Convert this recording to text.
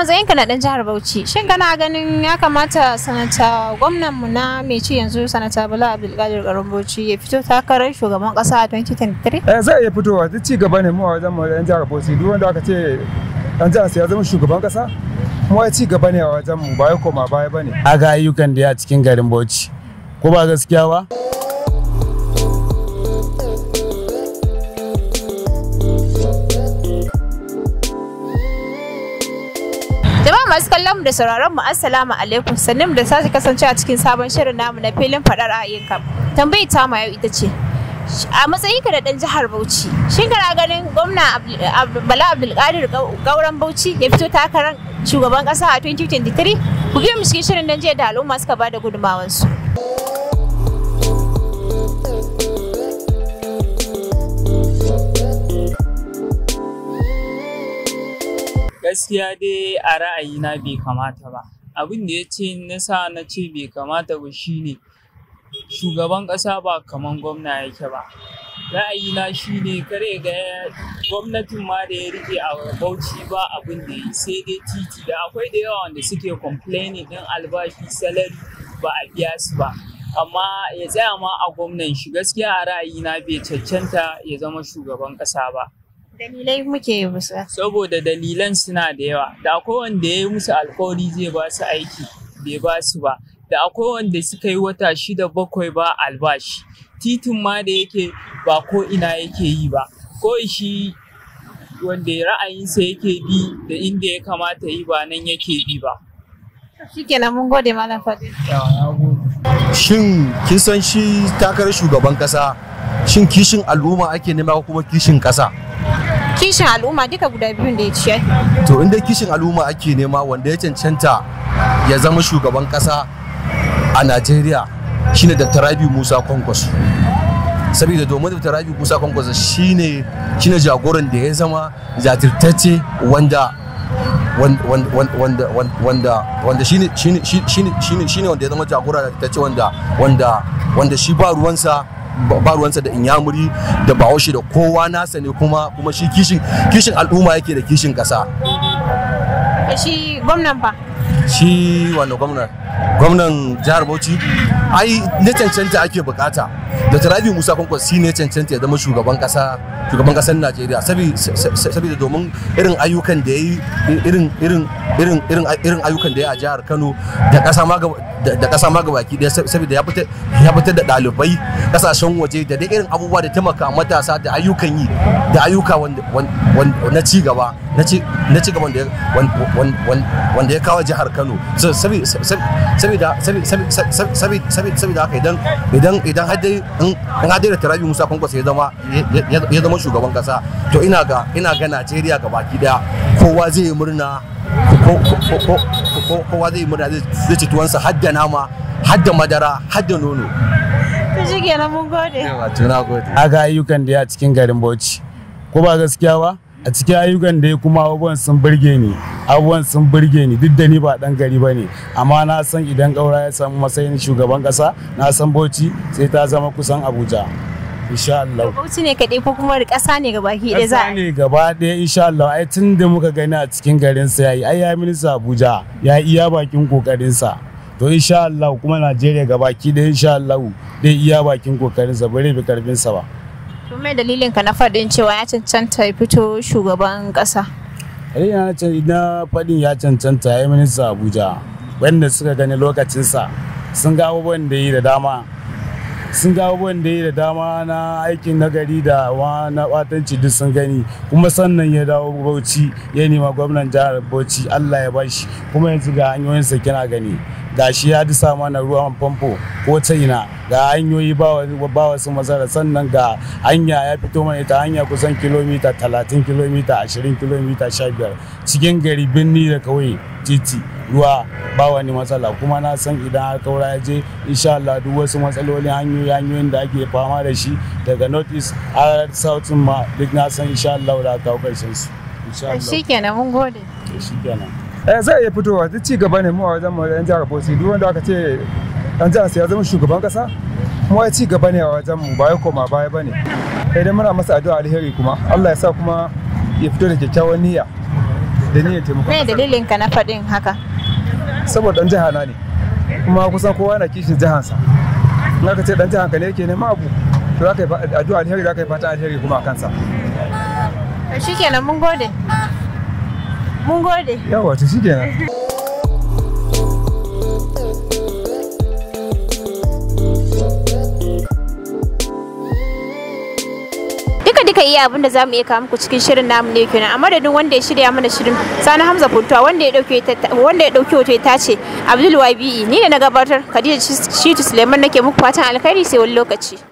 a ka na dan jihar Bauchi shin kana ganin ya kamata sanata gwamnan mu na mai ci yanzu sanata Bala Abdulkadir Garin Bauchi ya fito takarar shugaban kasa a 2023 eh zai iya fitowa duk ci gaba ne mu a wajen mu dan jihar Bauchi duk wanda aka ce dan jihar sai ya zama shugaban kasa mu ya ci gaba ne a wajen mu ba ya koma baya bane ga ayyukan da ya cikin garin Bauchi ko ba gaskiya ba masu kallon mu da sauraron mu assalamu alaikum sannan da sace kasance a cikin sabon shirin namu na filin faɗar ayyuka, tambayi ta ma ita ce a matsayinka da ɗan jihar Bauchi shin kana ganin gwamna Bala Abdulkadir Gauran Bauchi ya fito takarar shugaban ƙasa a 2023 ku biyo mu cikin shirin don jiya da al'umma suka bada gudumawansu. gaskiya dai a ra'ayina bai kamata ba. Abin da ya ce na sa na ce bai kamata ba shine shugaban ƙasa ba kaman gwamna yake ba. Ra'ayina shine kar ya ga gwamnatin ma da ya riƙe a Bauchi ba abin da ya sai dai titi da akwai da yawa wanda suke complaining din albashi salari ba a biya su ba. amma ya tsaya ma a gwamnan shi gaskiya a ra'ayina bai cancanta ya zama shugaban ƙasa ba. Dalilai muke musu. Saboda dalilan suna da yawa, da akwai wanda ya yi musu alkawari zai ba su aiki bai ba su ba, da akwai wanda suka yi wata shida bakwai ba albashi, titin ma da yake ba ko ina yake yi ba, ko shi wanda ra'ayinsa yake bi da inda ya kamata yi ba nan yake bi ba. Shin kin san shi takarar shugaban kasa? Shin kishin al'umma ake nema kuma kishin kasa? kishin al'umma duka guda biyun da ya ciyar to inda kishin al'umma ake nema wanda ya cancanta ya zama shugaban kasa a najeriya shine dr rabi musa Kwankwas. saboda domin dr rabi musa Kwankwas shine shine jagoran da ya zama zatirtacce wanda wanda wanda shine shine shine shine wanda ya zama jagora da ta ce wanda wanda wanda shi ba ruwansa ba ruwansa da inyamuri da bahaushe da kowa nasa ne kuma kuma shi kishin kishin al'umma yake da kishin kasa shi gwamnan ba shi wannan gwamnan gwamnan jihar bauchi ai ne cancanta ake bukata da rabi musa kwankwas shi ne cancanta ya zama shugaban kasa shugaban kasar najeriya saboda domin irin ayyukan da ya yi irin irin irin irin irin ayyukan da ya a jihar kano da kasa ma da kasa ma gabaki daya saboda ya fitar ya fitar da dalibai kasashen waje da dai irin abubuwa da taimaka matasa da ayyukan yi da ayyuka na ci gaba na ci gaba wanda ya kawo jihar kano saboda haka idan idan idan har dai in hadira tarabi musa kwankwasa ya zama ya zama shugaban kasa to ina ga ina ga najeriya ga baki daya kowa zai yi murna kowa zai yi murna zai ci tuwansa hadda nama hadda madara hadda nono to shi kenan mun gode yawa to na gode aga ayyukan da ya cikin garin bauchi ko ba gaskiya ba a cikin ayyukan da ya kuma abubuwan sun burge ni abubuwan sun burge ni duk da ni ba dan gari ba ne amma na san idan ƙaura ya samu matsayin shugaban ƙasa na san bauchi sai ta zama kusan abuja insha Allah bauchi ne kaɗai ko kuma ƙasa ne gaba ki da za ne gaba ɗaya insha Allah ai tun da muka gani a cikin garin sa yayi ai ya minista abuja ya iya bakin kokarin sa to insha Allah kuma Najeriya gaba ki da insha Allah dai iya bakin kokarin sa bare bi karfin sa ba to mai dalilin ka na faɗin cewa ya cancanta fito shugaban ƙasa Rina na faɗin ya cancanta ya yi minista Abuja wanda suka gani lokacinsa sun ga abubuwan da yi da dama sun ga abubuwan da yi da dama na aikin nagari da na batanci duk sun gani kuma sannan ya dawo bauchi ya nema gwamnan jihar bauchi allah ya bashi kuma yanzu ga hanyoyinsa kina gani gashi ya disa mana ruwan famfo ko ta ina ga hanyoyi ba wasu matsala sannan ga hanya ya fito mana ta hanya kusan kilomita 30 kilomita 20 kilomita 15 cikin gari birni da kawai titi ruwa ba wani matsala kuma na san idan har kaura ya je insha Allah duk wasu matsalolin hanyoyi hanyoyin da ake fama da shi daga north east har south ma duk na san insha Allah da kawo karshen su. Shi kenan mun gode. Shi kenan. eh za iya fitowa duk ci gaba ne mu a wajen mu yan jihar Bauchi duk wanda aka ce dan jihar sai ya zama shugaban kasa mu ya ci gaba ne a wajen mu ba ya koma baya bane idan muna masa addu'a alheri kuma Allah ya sa kuma ya fito da kyakkyawan niyya da niyyar taimakon me dalilin ka na faɗin haka saboda dan jihar na ne kuma kusan kowa na kishin jihansa in aka ce dan jihar ka ne yake ma abu to za ka yi addu'a alheri za ka yi fata alheri kuma a kansa shi kenan mun gode mun gode yawa to duka iya abinda da za mu iya kawo muku cikin shirin namu ne kenan a madadin wanda ya shirya mana shirin sani hamza kuntuwa wanda ya dauke wanda ya dauke wato ya tace abdul wabi'i e. ni ne na gabatar khadija shitu suleiman nake muku fatan alkhairi sai wani lokaci